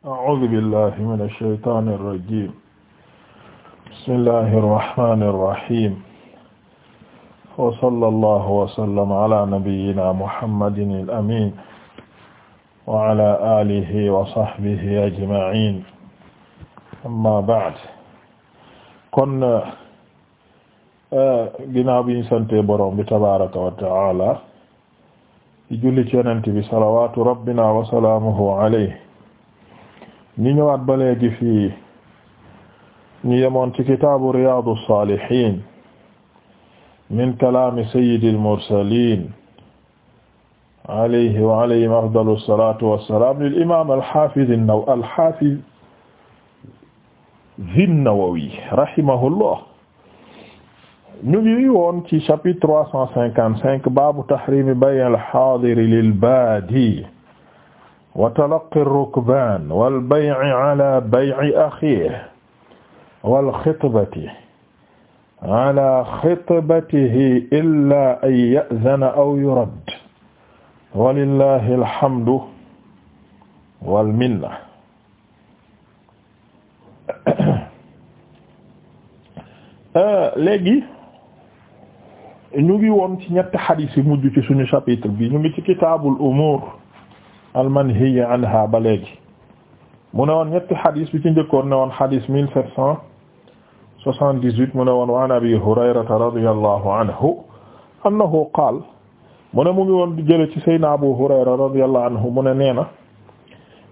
أعوذ بالله من الشيطان الرجيم بسم الله الرحمن الرحيم وصلى الله وسلم على نبينا محمد الأمين وعلى آله وصحبه أجمعين أما بعد kon ginnaaw bi ñu sante Boroom bi tabaaraka wa ta'aala di julli ci Yonent bi salawaatu rabbina wa salaamuhu alayhi ñu ñëwaat ba léegi fii ñu yemoon ci kitaabu riyaadu saalihiin min kalaami sayyidil mursaliin alayhi wa alayhim afdalu salaatu wa salaam lil imaam al-haafiz an al-haafiz an-Nawawi rahimahullah ñu ngi woon ci chapitre trois cent lil baadi wa talaqi rukbaan wal bay'i ala bay'i axiihi wal xitbati ala xitbatihi illaa an ya'zana aw yurad walillahi alhamdu wal minna. Euh, léegi ñu ngi woon ci ñetti xadiis yu mujj ci suñu chapitre bi ñu ngi ci kitaabul umuur almanhiyi anha ba léegi mu ne woon ñetti xadis bi mille sept cent soixante-dix-huit mu ne woon wa an abi hurayrata anhu annahu qaal mu ne di jële ci saydna abu hurayra radiyallahu anhu mu ne nee na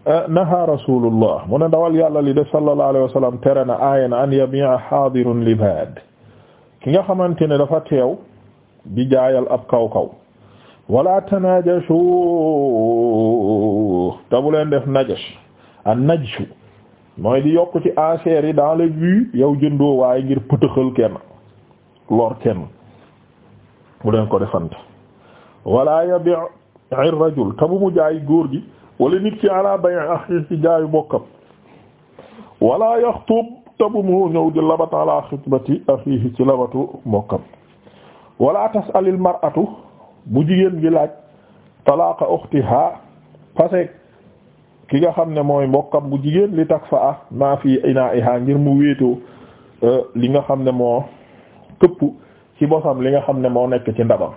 eh, naha rasulullah mu dawal yàlla li def sallallahu alayhi wa sallam tere na aaya na an yabi'a haadirun libaad ki nga xamante ne dafa teew di jaayal ab kaw kaw wala tanajashu te bu leen def najash an di yokk ci enchères yi dans les vues yow jëndoo waaye ngir pëtëxal kenn lor kenn bu leen ko defante wala yabi' ar-rajul te bu mu góor gi wala nit ci ala bay' axi ci jaayu wala yaxtub te bu mu ala xitbati axihi ci labatu bokkam wala tas'alil mar'atu bu jigéen gi laaj talaqa ukhtiha fase ki nga xam ne mooy mbokkam bu jigéen li takk fa ah maa fi inaaiha ngir mu wéetoo euh, li nga xam ne moo këpp ci bosam li nga xam ne moo nekk ci ndabam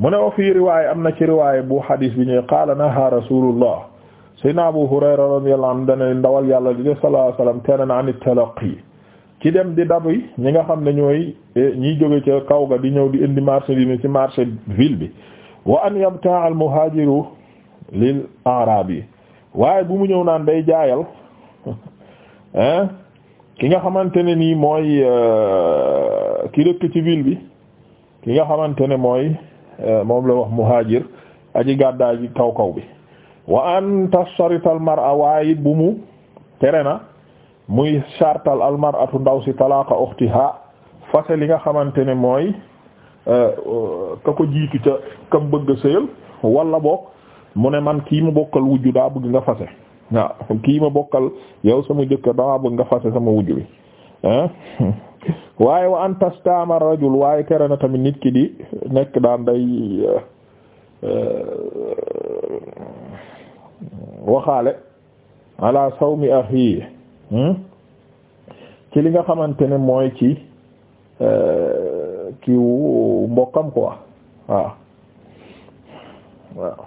mu ne wa fii riwaay am na ci riwaay bu hadis bi ñëwee qaala naha rasulullah sayna abu hurayra radiyallahu anhu dane ndawal yàlla di sallallahu alayhi wasallam tena na an talaqi ci dem di dabi ñi nga xam ne ñooy eh, ñiy jóge ca kaw ga di ñëw di indi marché bi ci marché ville bi wa an yabta al muhajiru lil arab yi waaye bu mu ñëw naan day jaayal hein eh, ki nga xamante ne nii mooy eh, ki dëkk ci ville bi ki nga xamante ne mooy moom la wax muhajir aji gàddaay ji kaw kaw bi wa an tasharita mar'a waaye bu mu tere na muy sartal almaratu ndaw si talaqa ukhtiha fase li nga xamante ne mooy euh, euh, ka ko jiitu ca kam bëgg sëyal wala boog mu ne man kii mu bokkal wujju daa bëgg nga fase waaw kii ma bokkal yow sama jëkkër damaa bëgg nga fase sama wujju bi waaye wa an tastama rajul waaye tere na tamit nit ki di nekk daan day euh, waxaale ala sawmi akhi Hmm? ci li nga xamante ne mooy ci euh, kiiwu mbokkam ko waa waaw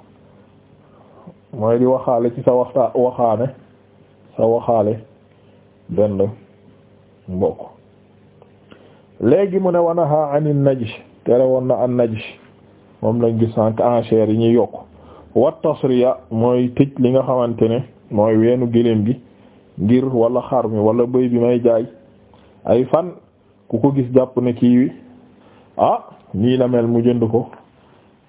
mooy di waxaale ci sa waxta waxaane sa waxaale benn mbokk léegi mu ne wanaha anil najsh tere woon na am najsh moom lañ gis sànq enchères yi ñuy yokk wat tasriya mooy tëj li nga xamante ne mooy weenu gëléem gi ngir wala xar mi wala bëy bi may jaay ay fan ku ko gis jàpp ne kii wi ah nii la mel mu jënd ko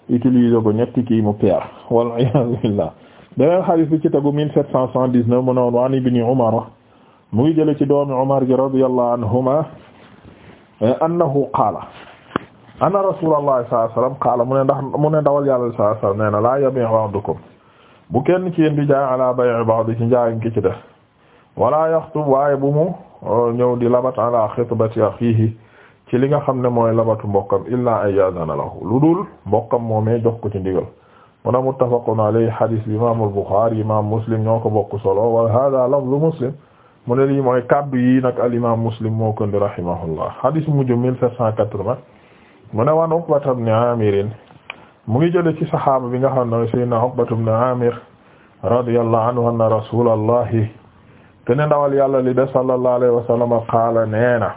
utiliser ko ñetti kii mu peer wal iyaazu billah beneen xadiis bi ci tegu mille sept cent soixante-dix-neuf mu mu ngi jële ci doomi Umar ji radiyallahu anhuma annahu qaala anna rasulullahi sallallahu alayhi wasallam qaala mu ne ndax mu ne ndawal yàlla sallallahu alayhi wasallam nee na laa yabi'u ba'dukum bu kenn ci yéen bi jaay ala bay'i ba'd ci njaayam ki ci def wala yaxtub waaye bu mu euh, ñëw di labat ala xitbati axiihi ci li nga xam ne mooy labatu mbokkam illaa an yaadana lahu lu dul mbokkam moomee jox ko ci ndigal muna muttafaqun alayhi hadith bi imaamul Buxaari imaam Muslim ñoo ko bokk solo wa haaza lafzu Muslim mu ne lii mooy kaddu yi nag al imaam Muslim moo ko ndi rahimahullah mu ne wan Uqbata ibn Aamir mu ngi jële ci saxaaba bi nga xam ne Sayyidina Uqbata ibn Aamir radiyallahu anhu anna rasuulallahi kene ndawal yàlla li de sallallahu alayhi qaala neena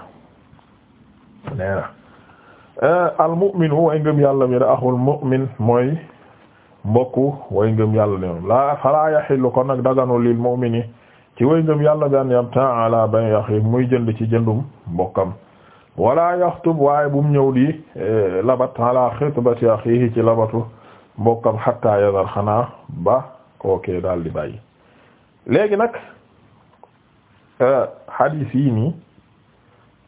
neena eh, al mu'minu way ngëm yàlla mi da axul mu'min mooy mbokku way ngëm yàlla li moom la fala yaxillu kon nag daganu lil mu'mini ci way ngëm yàlla bi an yamta ala bay yaxi muy jënd ci jëndum mbokkam wala yaxtub waaye bum ñëw di eh, labat ala xitbati axihi ci labatu mbokkam hatta yazar xanaa ba kookee daal di bàyyi léegi nag Euh, hadith yi nii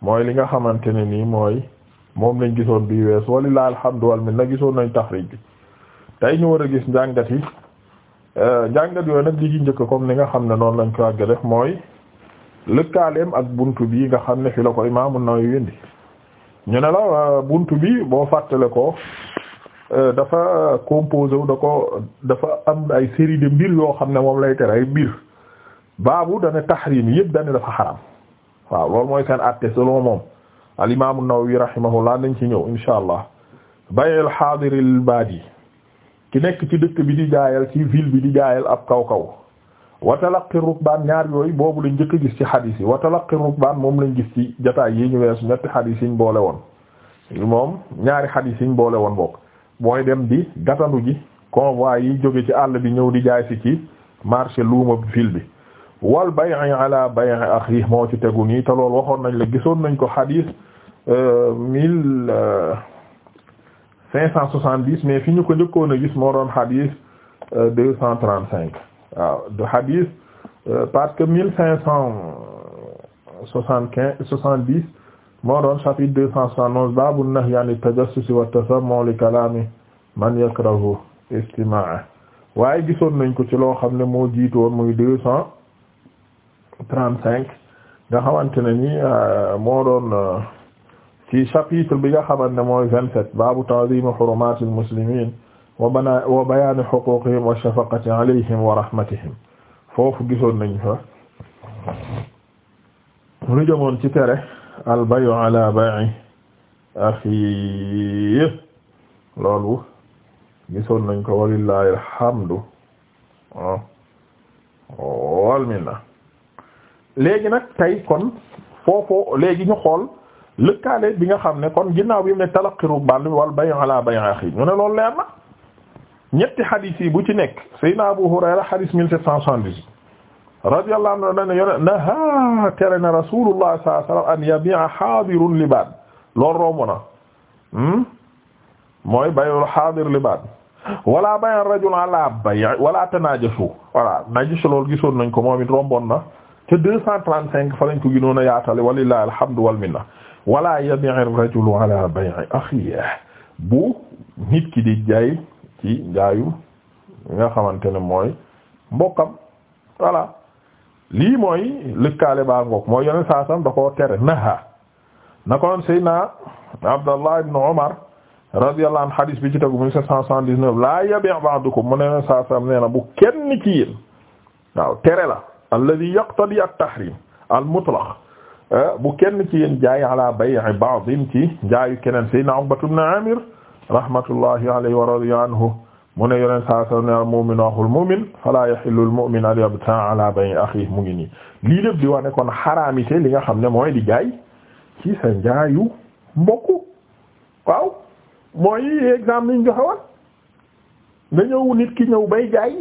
mooy li nga xamante ne nii mooy moom lañ gisoon bii wees walilah alhamdu wal na gisoon nañ taxrij bi tey ñu war a gis njàngat yi euh, njàngat yooyu nag li ci njëkk comme ni nga xam ne noonu lañ ko àgg def mooy lëkkaaleem ak buntu bi nga xam ne fi la ko Imaam An-Nawawi ñu ne la euh, bunt bi boo fàttale ko dafa composé wu da ko dafa am ay série de mbir yoo xam ne moom lay tere ay mbir baabu dane tahrim yëpp dane dafa xaram waaw loolu mooy seen atte selon moom al imam an-Nawawi rahimahullah nañ ci ñëw insha allah bayil hadir al yi ki nekk ci dëkk bi di jaayal ci ville bi di jaayal ab kaw kaw wa talaqi rukbaan ñaar yooyu boobu lañ njëkk gis ci xadiis yi wa talaqi rukbaan moom lañ gis ci jotaay yi ñu weesu ñetti xadiis yiñ boole woon moom ñaari xadiis yiñ boole woon bokk mooy dem di gatandu ji convoi yi jóge ci àll bi ñëw di jaay ci marché luuma ville bi wal bay'i ala bay'i akhi moo ci tegu nii te loolu waxoon nañu la gisoon nañ ko xadiis euh, mille cinq cent soixante-dix mais fi ñu ko njëkkoon a gis moo doon xadiis euh, deux cent trente-cinq waaw de xadiis euh, parce que mille cinq cent soixante-quinze soixante-dix moo doon chapitre deux cent soixante-onze baabu nahyi ani tajassus wa tasammu li kalaami man yakrahu istimaa waaye gisoon nañ ko ci loo xam ne moo jiitoon muy deux cent trente cinq nga xamante ne ni euh, euh, bi nga xamante ne mooy vingt sept baabu ta'zim hurumatil muslimin wa bana wa bayan huquqihim wa gisoon nañ fa lu jëmoon ci tere al bayu ala bay'i axi loolu gisoon nañ ko walillahi alhamdu ah, wal léegi nag tey kon foofoo léegi ñu xool lëkkaale bi nga xam ne kon ginnaaw bi mu ne talaqi rubbaan wal bay' ala bay' axi ñu ne loolu leer na ñetti xadiis bu ci nekk Seydina Abu Hurayra xadiis 1778 radiyallahu anhu ne yone naha tere na Rasulullah sallallahu alayhi wasallam an yabi'a xaadirun libaad loolu romb na hmm? mooy bay'ul xaadir libaad wala bay'a rajul ala bay' wala gisoon nañ ko moom it romboon na te fa lañ ko gënoon a yaatale walillahi alhamdu wal wala yabi'u ar-rajulu ala bay'i akhihi bu nit ki di jaay ci jaayu nga xamante ne mooy mbokkam voilà lii mooy lëkkaale baa ngoog mooy yeneen saa sam da tere naha na ko noon Seydina Abdallah ibn Umar radiyallahu anhu bi ci tegu mille sept cent soixante-dix-neuf mu ne saa sam nee bu kenn ci yéen waaw tere la alladhi yaqtadi at-tahrim al-mutlaq ah, bu kenn ci yéen jaay ala bay'i ba'din ci jaayu keneen sayyidina Uqbatu ibn Amir rahmatullahi alayhi wa radiya anhu mu ne yoneen saa sa ne al mu'minu axul mu'min fala yahillu al mu'min an yabta'a ala bay'i akhihi mu ngi nii lii lépp di wax ne kon xaraamite li nga xam ne mooy di jaay ci sa njaayu mbokk waaw mooy exemple niñ joxe woon nga ñëw nit ki ñëw bay jaay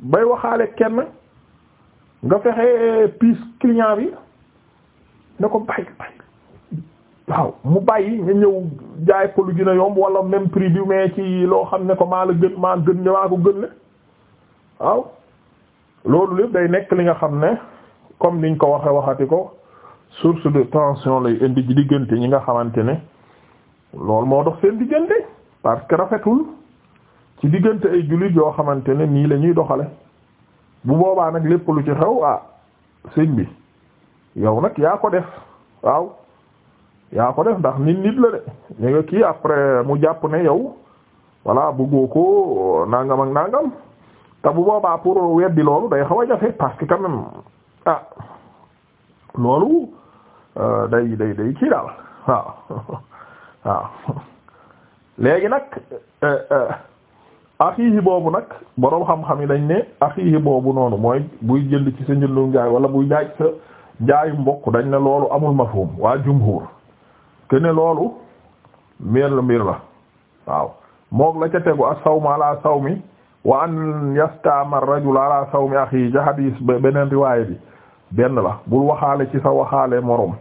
bay waxaale kenn nga fexe piis client bi ne ko bàyyi bàyyi waaw mu bàyyi nga ñëw jaay ko lu gën yomb wala même prix bi mais ci loo xam ne ko maa la gën maa gën ne maa gën ne waaw loolu lépp day nekk li nga xam ne comme niñ ko waxe waxati ko source de tension lay indi ji diggante ñi nga xamante ne loolu moo dox seen diggante parce que rafetul ci diggante ay jullit yoo xamante ne nii la ñuy doxale bu boobaa nag lépp lu ci xew ah sëñ bi yow nag yaa ko def waaw yaa ko def ndax nit nit la de ñu nga kii après mu jàpp ne yow voilà bëggoo ko nangam nangam te bu boobaa pour weddi loolu day xaw a jafe parce que quand ah loolu euh, day day day kii daal waaw waaw nag. Euh, euh, a axiihi boobu nag boroom xam-xam yi dañ ne axiihi boobu noonu mooy buy jënd ci sa njëndum jaay wala buy jaay sa jaayu mbokk dañ ne loolu amul mafhum waa jumhur ke ne loolu mbir la mbir la waaw moog la ca tegu ak sawma ala sawmi wa an yastaamar rajul ala sawmi axiihi ca xadiis beneen riwaaya bi benn la bul waxaale ci sa waxaale moroom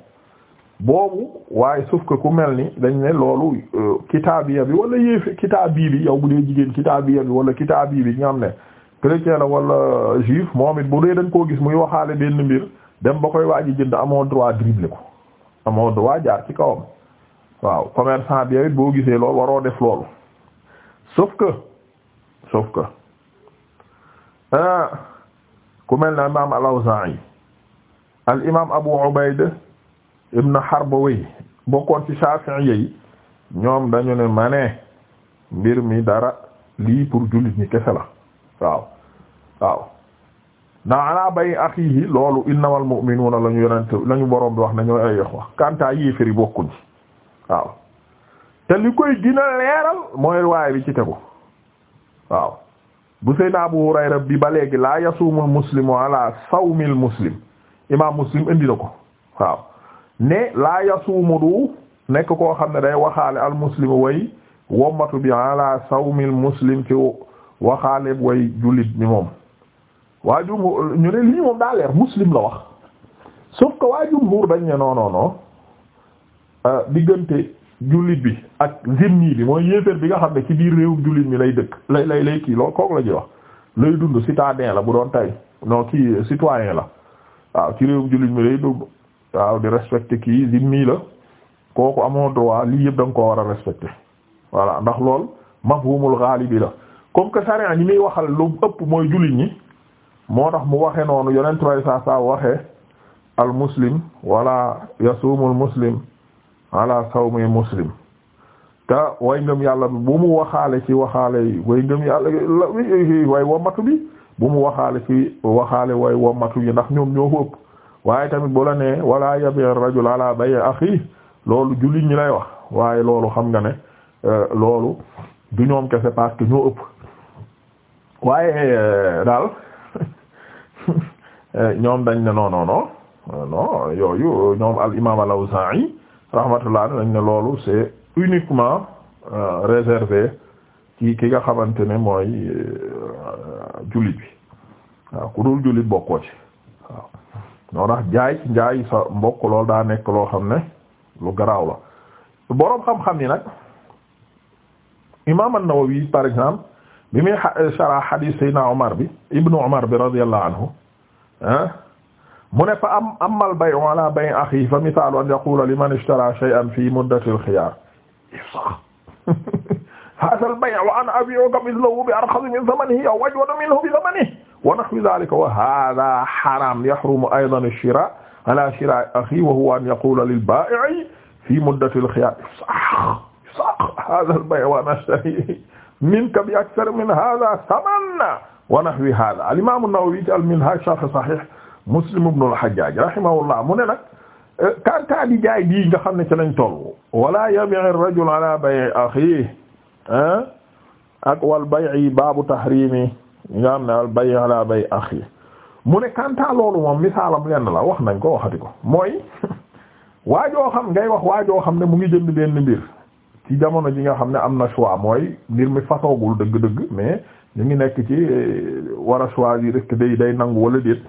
boobu waaye sauf que ku mel ni dañ ne loolu euh, kitaabiya bi wala yéefe kitaabi bi yow bu dee jigéen kitaabiya bi wala kitaabi bi nga xam ne chrétien la wala juif moom it bu dee dañ koo gis muy waxaale benn mbir dem ba koy waaji jënd amoo droit dribble ko amoo droit jaar ci kawam waaw commerçant bi boo gisee loolu waroo def loolu sauf que sauf que ah, ku mel ne imaam al-Awzaa'i al imaam Abu Ubayda ibn Harba wéy bokkoon ci Shafi'i yi ñoom dañu ne ma ne mbir mi dara lii pour jullit ñi kese la waaw waaw na ala bay axiihi loolu innamal mu'minuuna lañu yonent lañu boroom bi wax ne ñooy ay ixwa kantaa yéeféri bokkuñ waaw te li koy gën a leeral mooy waaye bi ci tegu waaw bu Seydina Abu Hurayra bi ba léegi laa yasuumul muslimu ala sawmil muslim imaam muslim indi na ko waaw ne laa yasuumu du nekk koo xam ne day waxaale al muslim way wommatu bi ala sawmil muslim ci waxaale way jullit bi moom waa jumhur ñu ne lii moom daa leer muslim la wax sauf que waa jumhur dañ ne non non euh, diggante jullit bi ak zimmi bi mooy yéeféer bi nga xam ne ci biir réewum jullit mi lay dëkk lay lay lay kii loolu kooku la ñuy wax lay dund citadin la bu doon tay non kii citoyen la waaw ci réewum jullit mi lay dund waaw di respecter kii zimmi la kooku amoo droit lii yëpp da nga koo war a ndax lool mafhumul ghalib bi la comme que sariya ñi muy waxal lu ëpp mooy jullit ñi moo tax mu waxe noonu yonent way saa saa waxee al muslim wala yasumul muslim ala sawmi muslim te way ngëm yàlla bi bu mu waxaale ci waxaale way ngëm yàlla way womatu bi bu mu waxaale ci waxaale way womatu yi ndax ñoom ñoo ëpp waaye tamit bu la ne wala yabi rajul ala bay axi loolu jullit ñi lay wax waaye loolu xam nga ne euh, loolu du ñoom kese parce que ñoo ëpp waaye euh, daal euh, ñoom dañ ne non non yooyu ñoom al imam al-Awzaa'i rahmatullah dañ ne loolu c'est uniquement réservé ci ki nga xamante ne mooy jullit bi waaw ku dul jullit bokkoo ci waaw ñoo tax jaay jaay sa mbokk loolu daa nekk loo xam ne lu garaaw la boroom xam-xam yi nag imaam an-Nawawi par exemple bi muy euh, sharah hadith Seydina Omar bi ibnu Omar bi radiyallahu anhu ah mu ne fa am amal bay'u ala bay'i akhi fa mithaalu an yaqula liman ishtara shay'an fi muddati al-khiyar ifsakh hadha al-bay' wa ana abi'uka mithlahu bi arkhas min thamanihi aw ajwada minhu bi thamanihi wa nahwi dhalika wa hadha haram yahrumu aydan ash-shira' ala shira' akhi wa huwa an yaqula lil ba'i fi muddati al-khiyar ifsakh ifsakh hadha al-bay' wa ana ashtari minka bi akthar min hadha thaman wa nahwi hadha al-imam an-Nawawi al-Minhaj sharh sahih Muslim ibn al-Hajjaj rahimahullah mu ne nag eh, karta di jaay gi nga xam ne ci lañ toll wala yabi'u ar-rajulu ala bay'i akhihi eh, ak wal bay'i babu tahrimi nga xam ne al bay ala bay axi mu ne kanta loolu moom misaalam lenn la wax nañ ko waxati ko mooy waajoo xam ngay wax waajoo xam ne mu ngi jënd benn mbir ci jamono ji nga xam ne am na choix mooy mbir mi fasoogul dëgg-dëgg mais ñu ngi nekk ci eh, war a choisir est-ce que day day nangu wala déet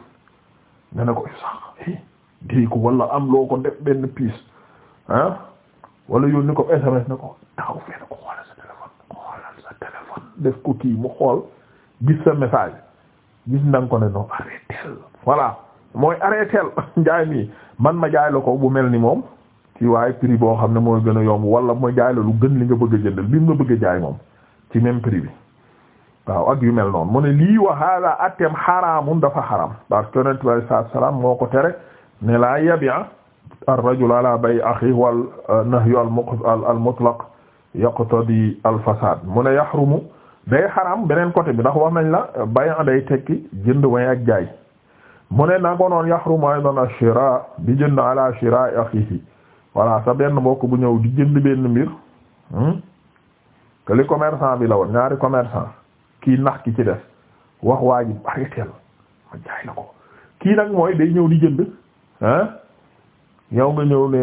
nga ne ko eh, sax eh, déy ko wala am loo ko def benn pièce ah wala yónni ko SMS ne ko taxaw fee ne ko xoolal sa téléphone def ko kii mu xool gis sa message gis na nga ko ne non arrêtel voilà mooy arrêtel njaay mi man ma jaay ko bu mel ni moom ci waaye prix boo xam ne moo gën a yomb wala ma jaay lu gën li nga bëgg a jëndal nga bëgg jaay moom ci même prix bi waaw ak yu mel noonu mu ne lii wa hada atem xaraamun dafa xaram parce que yonent bi alai salatua salaam moo ko tere ne laa yabia ar rajul bay axi wal nahyu al mutlaq yaqtadi al fasad mu ne yaxrumu day xaram beneen côté bi ndax wax nañ la bay' day tekki jënd way ak jaay mu ne na ko noon yahrumu aydan ash-shira di jënd ala shira akhihi voilà sa benn mbokk bu ñëw di jënd benn mbir hmm? que li bi la woon ñaari commerçant kii nax ki ci def wax waa ji arrêteel ma jaay la ko kii nag mooy day ñëw di jënd ah yow nga ñëw ne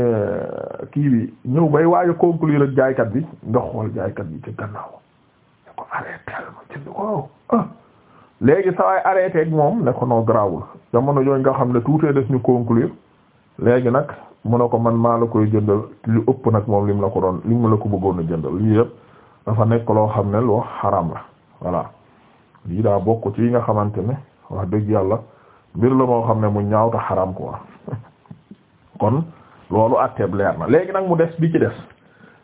kii bi ñëw bay waaja conclure ak jaaykat bi nga xool jaaykat bi ci gannaaw arrêté ma jënd ko ah léegi saa waay arrêté moom ne ko noo garaawul jamono jooñ nga xam ne tuutee des ñu conclure léegi nag mu ne ko man maa la koy jëndal lu ëpp nag moom lim la ko doon lim la ko bëggoon a jëndal lii yëpp dafa nekk loo xam ne lu xaram la voilà lii daa bokk ci yi nga xamante ne wax dëgg yàlla mbir la moo xam ne mu ñaawta xaram quoi kon loolu atteeb leer na léegi nag mu des bi ci des.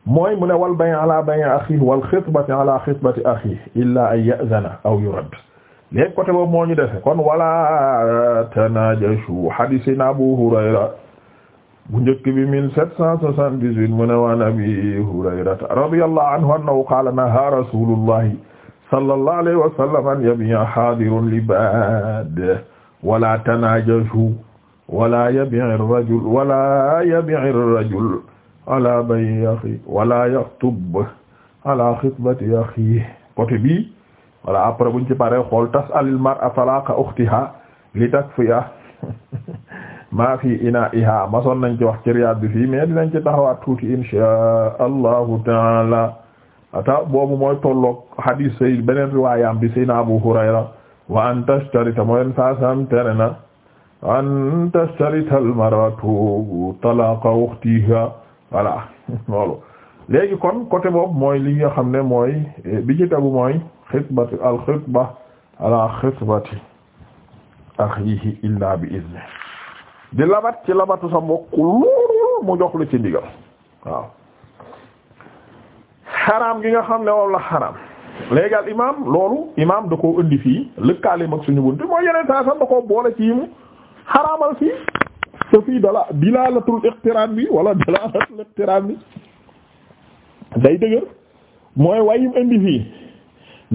mooy mu ne wal bay' ala bay' akhihi wal xitbati ala xitbati akhihi illa an ya'zana aw yurad léegi côté boobu moo ñu defe kon wala tanajashu hadisina Abu Hurayra bu njëkk bi 1778 mu ne waan Abi Hurayrata radiyallahu anhu annahu qaala naha rasulullahi sallallahu alayhi wa sallam an yabi'a haadirun libaadihi wala tanajashu wala yabi'u rajul wala yabi'u rajul ala bayi axi wala yaxtub ala xitbati axi côté bi voilà après buñ ci pare xool tas alil mar'a talaqa ukhtiha li takfiya maa fi ina'iha masoon nañ ci wax ci riyaad bi fii mais dinañ ci taxawaat tuuti insha allahu taala ata boobu mooy tolloog hadis say beneen riwaayam bi sayna abu hurayra wa an tashtarita mooyen sasam tere na an tashtarita al mar'atu talaqa ukhtiha voilà loolu léegi kon côté boobu mooy li nga xam ne mooy bi ci tabu mooy xitbatu al xitba ala xitbati axiihi illaa bi izni di labat ci labatu sa mbokk loolu mu jox la ci ndigal waaw xaraam gi nga xam ne moom la xaraam léegi al imaam loolu imaam da koo indi fii lëkkaaleem ak suñu buntu mooy yeneen saa sax da koo boole ci mu xaraamal fii te fii dala dilaalatul iqtiraan bi wala dilaalatul iqtiraan bi day dëgër mooy wayum indi fii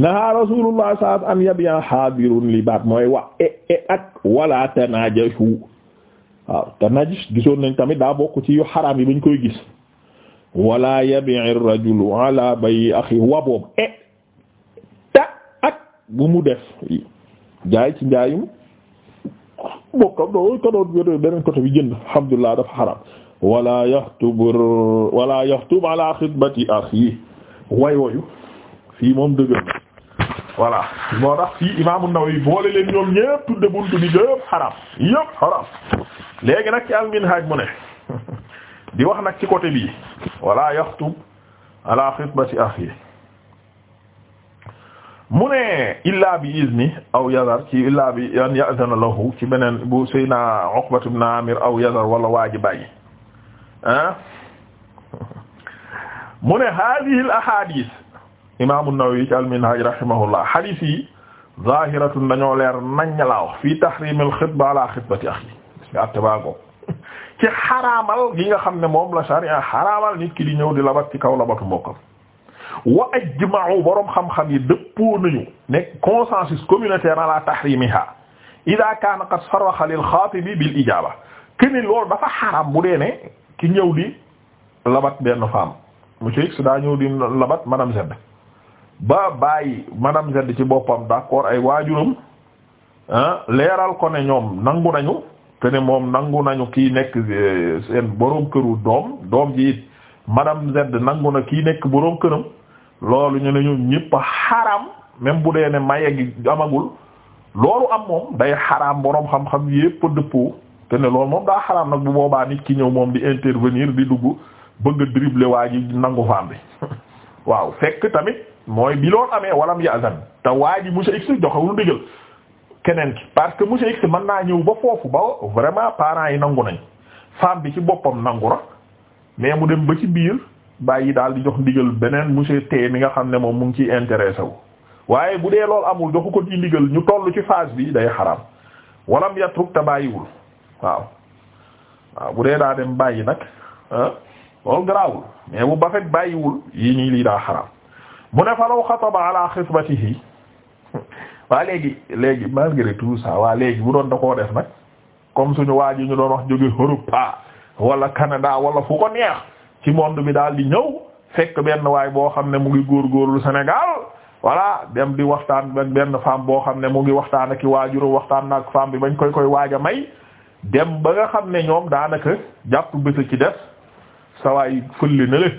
naha rasulullah saas an yabiya xaadirun li baat mooy wa e e ak wala tanajashu waaw gisoon nañ tamit daa bokk ci yu xaraam yi bañ koy gis wala yabi'i rajulu ala bay axi waboom e ta ak bu mu def jaay ci njaayum bokkam do ko doon wér beneen côté bi jënd alhamdulilah dafa xaram wala yaxtub wala yaxtub ala xitbati axi way woyu fii boole leen ñoom ñépp tudde buntu bi yëpp xaram yëpp xaram léegi nag ci al mu ne di wax nag ci côté bii wala yaxtub ala xitbati axi mu ne illaa bi izni aw yazar ci illa bi an ya'zana lahu ci beneen bu sayna Uqbat ibn Amir aw yazar wala waaji bàyyi mu ne hadhihi al ahadith imam an-Nawawi ci al-Minhaj rahimahullah hadith yi zahiratun dañoo leer nañ la wax fii tahrim al-khitba ala khitbati akhi ci xaraamal gi nga xam ne moom la sharia xaraamal nit ki di ñëw di labat ci kaw labatu mbokkam wa ajma'u boroom xam-xam yi dëppoo nañu ne consensus communautaire ala tahrimiha ida kaana qad saraxa lil xaatibi bil ijaaba kene loolu dafa xaram bu dee ne ki ñëw di labat benn femme monsieur X daa ñëw di labat madame Z ba bàyyi madame Z ci boppam d'accord ay waajuram leeral ko ne ñoom nangu nañu te ne moom nangu nañu kii nekk eh, seen borom këru doom doom ji it madame Z nangu na kii nekk boroom këram. loolu ñu ne ñu ñëpp xaram même bu dee ne maye gi amagul loolu am moom day xaraam boroom xam-xam yépp dëppoo te ne loolu moom daa xaram nag bu boobaa nit ki ñëw moom di intervenir di dugg bëgg a dribbler waa ji nangu faam bi waaw fekk tamit mooy bi loolu amee walam yazan te waa ji monsieur X joxewul ndigal keneen ki parce que monsieur X man naa ñëw ba foofu ba vraiment parent yi nangu nañ faam bi ci boppam nangu ra mais mu dem ba ci biir. bàyyi daal di jox ndigal beneen monsieur T mi nga xam ne moom mu ngi ci intéressé wu waaye bu dee loolu amul joxu ko di ndigal ñu toll ci phase bi day xaram walam yatruk te bàyyiwul waaw dee daa dem bàyyi nag ah, loolu garaawul mais bu ba bàyyiwul yi nii lii daa xaram mu ne fa law xataba ala xisbatihi waa léegi léegi malgré tout ça waa léegi bu doon da koo def nag comme suñu waa ji ñu doon wax jóge Europe wala Canada wala fu ko neex ci monde bi daal di ñëw fekk benn waay boo xam ne mu ngi góor góorgóorlu Sénégal voilà dem di waxtaan benn femme boo xam ne mu ngi waxtaan ak waajuru waxtaan ak femme bi bañ koy koy waaj a may dem ba nga xam ne ñoom daanaka jàpp bés ci def sawaay fëlli na le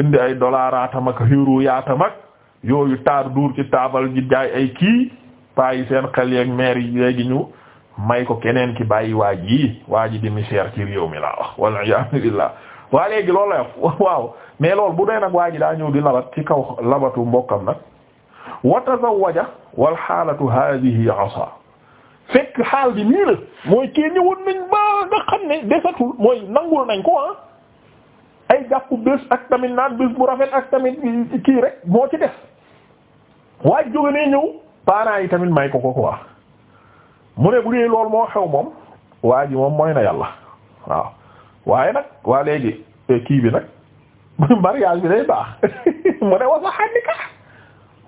indi ay dollaraatam ak euro yaatam ak yooyu taar duur ci taabal ji jaay ay kii bàyyi seen xel yeeg maire yi léegi ñu may ko keneen ki bàyyi waaj yi waaj yi di misère ci réew mi laa wax walla yaa billah waa léegi lool la waaw mais lool bu dee nag waa ji daa ñëw di labat ci kaw labatu mbokkam nag wa tazawwaja wal xaalatu hadihi asa fekk xaal bi nii mooy kii ñëwoon nañ nangul nañ ko ah ay jàpp bés ak tamit naan bés bu rafet ak tamit kii rek moo ci def waaye jóge ne ñëw parents yi tamit may ko ko quoi mu ne bu dee loolu moo xew moom waa ji moom mooy na yàlla waaye nag waa léegi kii bi nag mariage bi day baax mu ne wasa xandika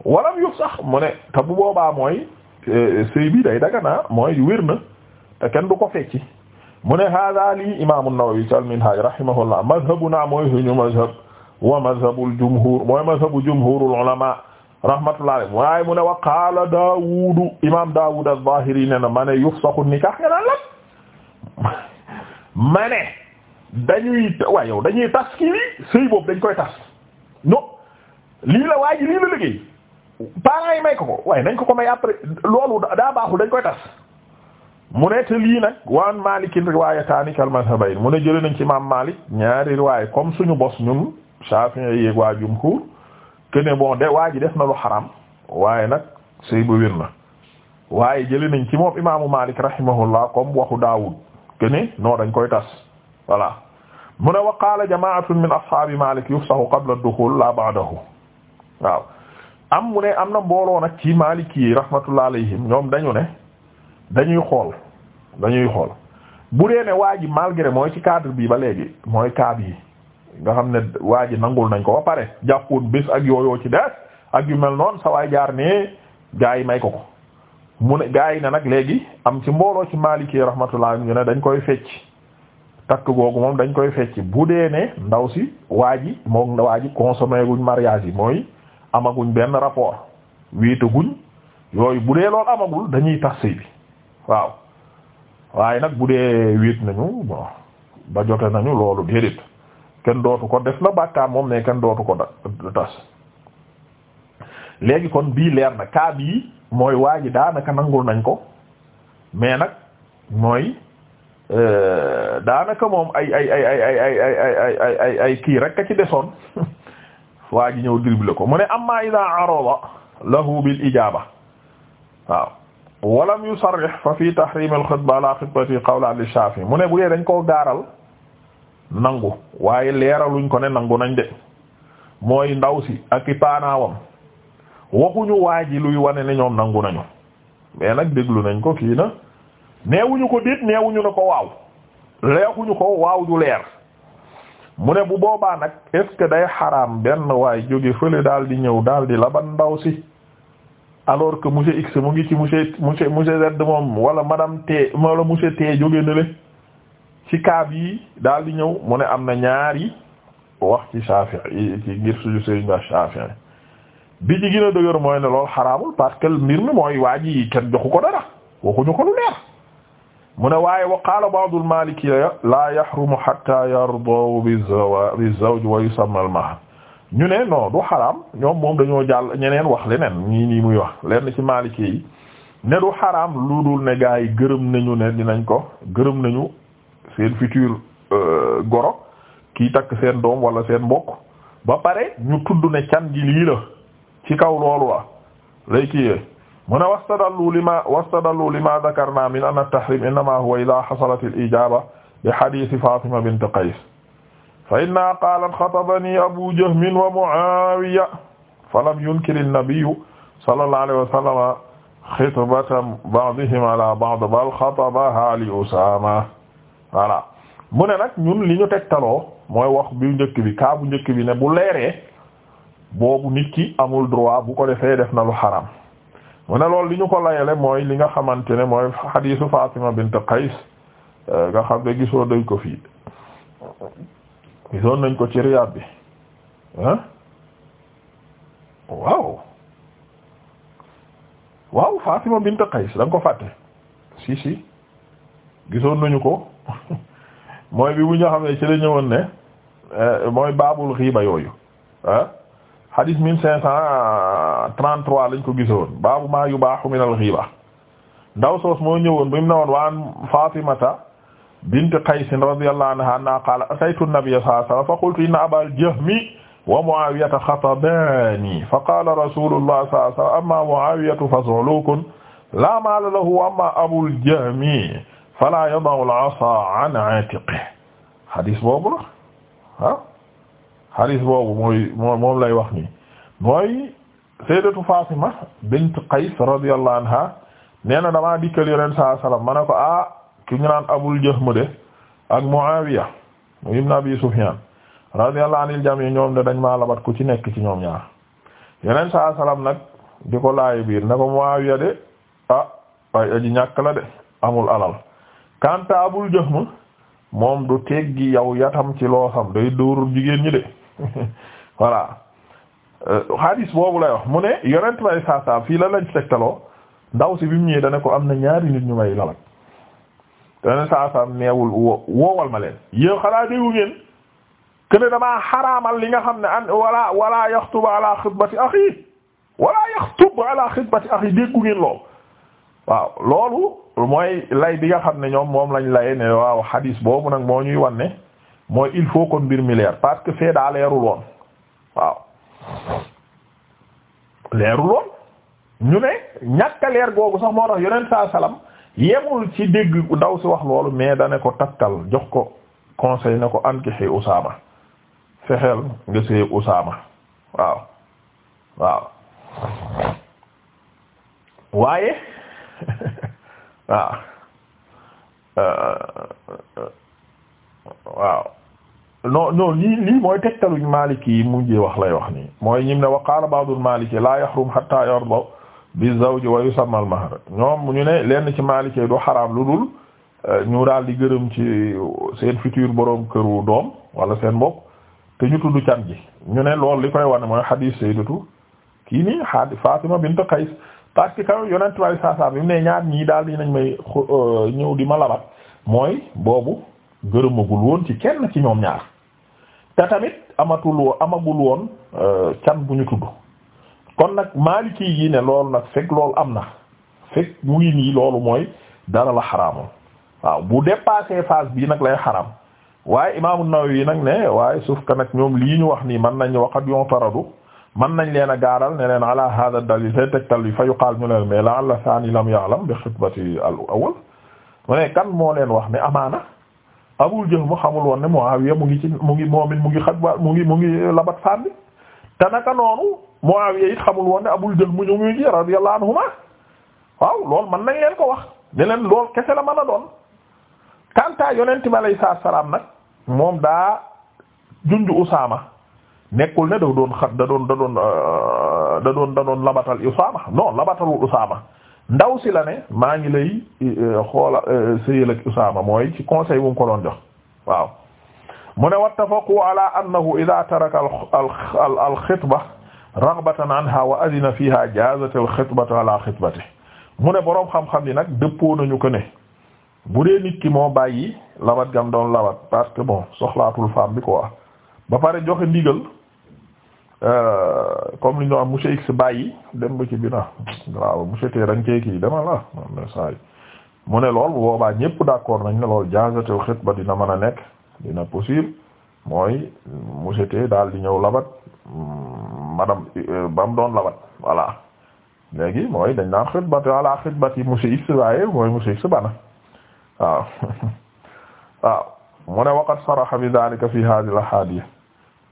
walam yuf mu ne te bu boobaa mooy eh, sëy bi day dagana mooy wér na te kenn du ko fecci mu ne hada lii imam an-Nawawi sal minhaj rahimahullah madhabuna mooy suñu madhab wa madhabul jumhur mooy madhabu jumhurul ulama rahmatullah alayhi waaye mu ne wa qaala Daawudu imam Daawud az-Zahiri ne na ma ne yufsaxu nikah nga lan ma dañuy waa yow dañuy tas kii bi sëy boobu dañ koy tas non lii la waa ji lii la liggéey parents may ko ko waaye nañ ko ko may après loolu daa baaxul dañ koy tas mu ne te lii nag waan malikin riwayataani kal madhhabayn mu jëlee nañ ci imam Malik ñaari riwaay comme suñu bos ñun Shafi'i yeeg waa jumhur que ne bon de waa ji def na lu xaram waaye nag sëy ba wér na waaye jëlee nañ ci moom imaamu Malik rahimahullah comme waxu Daawud que ne dañ koy tas voilà mu ne wa qaala jamaatun min ashaabi malik yufsahu qabla ad-dukhul la ba'dahu waaw am mu ne am na mbooloo nag ci maliki yi rahmatullah alayhim ñoom dañu ne dañuy xool dañuy xool bu dee ne waa ji malgré mooy ci cadre bi ba léegi mooy cadre yi nga xam ne waa ji nangul nañ ko ba pare jàppoon bés ak yooyoo ci des ak yu mel noon sa jaar ne gaa yi may ko ko mu ne gaa yi ne nag léegi am ci mbooloo ci maliki yi rahmatullah ñu ne dañ koy fecc takk googu moom dañ koy fecc bu dee ne ndaw si waa ji moom waa ji consommé guñ mariage yi mooy amaguñ benn rapport wéetaguñ yooyu bu dee lool amagul dañuy tas sëy bi waaw waaye nag bu dee wéet nañu bon ba jote nañu loolu déedéet kenn dootu ko def na bàkkaar moom ne kenn dootu ko da tas léegi kon bii leer na cas yi mooy waa ji daanaka nangul nañ ko mais nag mooy daanaka moom ay ay ay ay ay ay ay ay kii rek a ci desoon waa ñëw dribble ko mu ne amma ida arada lahu bil ijaba waaw walam yusarrih fa fi tahrim al xutba ala xutbati mu ne bu dee dañ koo gaaral nangu waaye leeraluñ ko ne nangu nañ de mooy ndaw si ak i paanaawam waxuñu waa ji luy wane ne ñoom nangu nañu mais nag déglu nañ ko kii neewuñu ko déet neewuñu ne ko waaw leexuñu ko waaw du leer mu ne bu boobaa nag est-ce que day xaraam benn waay jóge fële daal di ñëw daal di laban ndaw si alors que monsieur X mu ngi ci monsieur monsieur monsieur Z moom wala madame T wala monsieur T jóge na le ci kaab yi daal di ñëw mu ne am na ñaari wax ci Shafi'i ci ngir suñu sëriñ wax Shafi'i bi ci gën a dëgër mooy ne loolu xaraamul parce que mbir mi mooy waa ji kenn joxu ko dara waxuñu ko lu leer. mu ne waaye wa qaala ba'dul maalikiyya laa yahrumu hattaa yardaw bi-zawj wa yusamma al-mahr ñu ne non du xaraam ñoom moom dañoo jàll ñeneen wax leneen ñii nii muy wax lenn ci maaliki yi ne du xaraam lu dul ne gaa gërëm nañu ne dinañ ko gërëm nañu seen futur euh, goro kii takk seen doom wala seen mbokk ba pare ñu tudd ne can gi lii la ci kaw loolu la lay kii mu ne wastadallu lima wastadallu lima dakarna min anna at-tahrim innama huwa idha hasalat al-ijaba bi hadith Fatima bint Qais fa inna qalat khatabani Abu Jahm wa Muawiya falam yunkir an-nabiy sallallahu alayhi wa sallam khitbata ba'dihim ala ba'd bal khatabaha li Usama voilà mu ne nag ñun li ñu tegtaloo mooy wax bu njëkk bi kaa bu njëkk bi ne bu leeree boobu nit ki amul droit bu ko defee def na lu xaram mu ne loolu li ñu ko layale mooy li nga xamante ne mooy hadisu Fatima bint Qays euh, ga xam ne gisoon dañ ko fii gisoon nañ ko ci Riyad bi ah waaw waaw Fatima bint Qays da nga ko fàtte si gisoon nañu ko mooy bi bu ñu xam ne ci la ñëwoon ne euh, mooy baabul xiiba yooyu ah hadith mille cinq cent trente-trois lañ ko gisoon baabu maa yubaahu min al-ghiba ndaw soos moo ñëwoon bi mu ne woon waan Fatimata bint Qays radiyallahu anha anna qaala ataytu an-nabiyya sallallahu alayhi wa sallam fa qultu inna abal jahmi wa Mu'awiyata xatabaani fa qaala rasuulullah sallallahu alayhi wa sallam amma Mu'awiyatu fa zulukun laa maala lahu wa amma abul jahmi falaa yada'u al-asaa an aatiqihi hadith boobu la ah xadis boobu mooy moom lay wax ni mooy sayyidatu Fatima bint Qays radiyallahu anha nee na damaa dikkal yoneen saa salaam ma ne ko ah ki ñu naan Abul Jahm de ak Muawiya ibn Abi Sufyan radiyallahu anil jami ñoom de dañ maa labat ku ci nekk ci ñoom ñaar yoneen saa salaam nag di ko laaj biir ne ko Muawiya de ah aji ñàkk la de amul alal kanta Abul Jahm moom du teggi yow yatam ci loo xam day jigéen ñi de. voilà euh, hadis boobu lay wax mu ne yonent bay saasaam fii la lañ tegtaloo ndaw si bi mu ñëwee dana ko am na ñaari nit ñu may lalak te ne saasaam neewul wo woowal ma leen yow xalaa déggu ngeen kene damaa xaraamal li nga xam ne an wala wala yaxtub ala xitbati axi wala yaxtub ala xitbati axi déggu ngeen lool waaw loolu mooy lay bi nga xam ne ñoom moom lañ laye ne waaw hadis boobu nag moo ñuy wan mooy il faut kon mbir mi leer parce que fee daa leerul waaw leerul woon ñu ne ñàkk a leer googu sax moo tax yonent saa salaam yemul ci dégg ndaw si wax loolu mais dane ko takkal jox ko conseil na ko ankixi Usaama fexeel nga see Usaama waaw waaw waaye waaw euh, euh, euh, non non lii lii mooy tegtaluñ Maliki yi mujjee wax lay wax nii mooy ñim ne wa qaala ba'dul Maliki laa yahrum hatta yarda bi zawj wa yusamma al mahr ñoom ñu ne lenn ci Maliki du xaraam lu dul euh, ñu daal di gërëm ci seen futur borom këru doom wala seen mbokk te ñu tudd can gi ñu ne loolu li koy wane mooy hadith sayyidatu kii nii xaadi Fatima bint Qays parce que kaw yonent bari saa mu ne ñaar ñii daal di nañ may euh, ñëw di ma labat mooy boobu gërëmagul woon ci kenn ci ñoom ñaar te tamit amatul woon amagul woon euh, can bu ñu tudd kon nag maaliki yi ne loolu nag fekk loolu am na fekk mu nii loolu mooy dara la xaraamoon waaw bu dépassé phase bii nag lay xaraam waaye imaamu Nawawi nag ne waaye suuf ka nag ñoom lii ñu wax nii mën nañu waxat yon taradu mën nañ leen a gaaral ne leen ala hada dalil say tegtal bi fa yuqaal ñu leen mais la àlla saani lam ya'lam bi xitbati al awal mu ne kan moo leen wax ne amaana Abul Jahl mu xamul woon ne Muawiya mu ngi mu ngi moom mu ngi xat mu ngi mu ngi labat fànn te naka noonu Muawiya it xamul woon ne Abul Jahl mu ñu ngi ci radiyallahu anhuma waaw lool man nañ leen ko wax ne leen lool kese la mën a doon kanta yonent bi alayhi nag moom daa junj Usaama nekkul ne da doon da doon da doon euh, da doon da doon labatal Usaama non labatalul Usaama ndaw si la ne maa ngi lay euh, xoola euh, sëyal ak Usaama mooy ci conseil bu ko doon jox waaw mu ne wattafaqu ala annahu ida taraka al alxitba raghbatan anha wa adina fiha jaazat al xitbatu ala xitbati mu ne boroom xam-xam yi nag dëppoo nañu ko ne bu dee nit ki moo bàyyi labat gam doon labat parce que bon soxlaatul femme bi quoi ba pare joxe ndigal Euh, comme li ñu am monsieur X bàyyi dem ba ci bina waaw monsieur T dañ cee kii dama ah, la mu ne lool bu boobaa ñëpp d'accord nañ ne lool jaazatul yi na mën a nekk dina possible mooy monsieur T daal di ñëw labat mm, madame euh, ba doon labat voilà léegi mooy dañ naan xitbat ala xitbat yi monsieur X waaye mooy monsieur X bana waaw waaw mu ne waqat saraxa bi daalika fi haadihil ahaadiis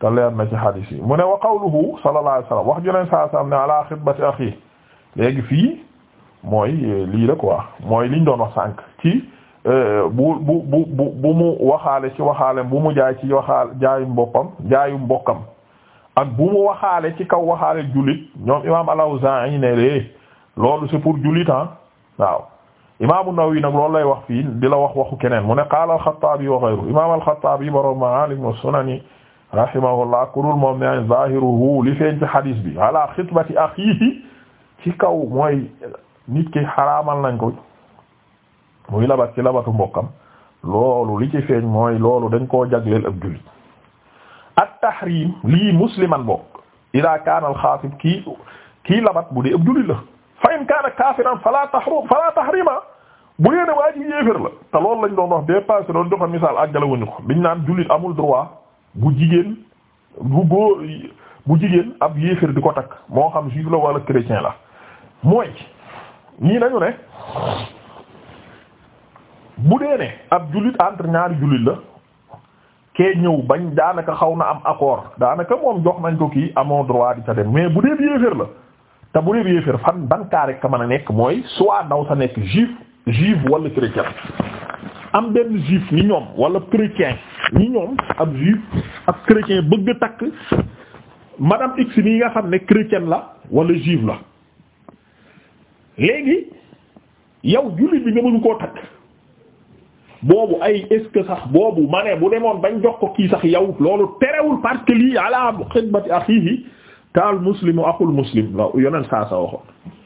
te leer na ci hadis mu ne wa qawluhu sallallahu alayhi wasallam wax joneen saa am ne ala xitbati axi léegi fii mooy euh, lii la quoi mooy liñ doon wax sànq ci euh, bu bu mu waxaale ci waxaale bu mu jaay ci waxaal jaayum boppam jaayum mbokkam ak bu mu waxaale ci kaw waxaale jullit ñoom imaam al-Awzaa'i ne lée loolu c'est pour jullit ah waaw imaamu Nawawi nag loolu lay wax fii di la wax waxu keneen mu ne qaala al-Xattaabi wa ghayruhu imaam al-Xattaabi borom Maalim wa Sunani rahimahullah kurul moom ne zahiruhu li feeñ ci xadis bi ala xitbati axiihi ci kaw mooy nit ki xaraamal nañ ko muy labat ci labatu mbokkam loolu li ci feeñ mooy loolu dañ koo jagleel ab jullit at tahrim lii musliman bokk ida kaana al xaatib kii labat bu dee ab jullit la fa in kaana kaafiran fala tahrum bu dee ne waa la te loolu lañ doon wax dépassé doon joxe ko biñ naan jullit amul droit bu jigéen bu góor bu jigéen ab yéefér di ko takk moo xam juif la wala chrétien la mooy ñii dañu ne bu dee ne ab jullit entre ñaari jullit la kee ñëw bañ daanaka xaw na am accord daanaka moom jox nañ ko kii amoo droit di ca dem mais bu dee yéeféer la te bu dee yéeféer fan ban kaa rek ka mën a nekk mooy soit ndaw sa nekk juif juif wala chrétien am benn juif ni ñoom wala chrétien ni ñoom ab juif ab chrétien bëgg takk madame x mi nga xam ne chrétienne la wala juif la léegi yow jullit bi nga bëgg koo takk boobu ay est-ce que sax boobu ma ne bu demoon bañ jox ko kii sax yow loolu terewul parce que lii ala xidmati axiihi taal muslimu axul muslim la yoneen saa sa waxoon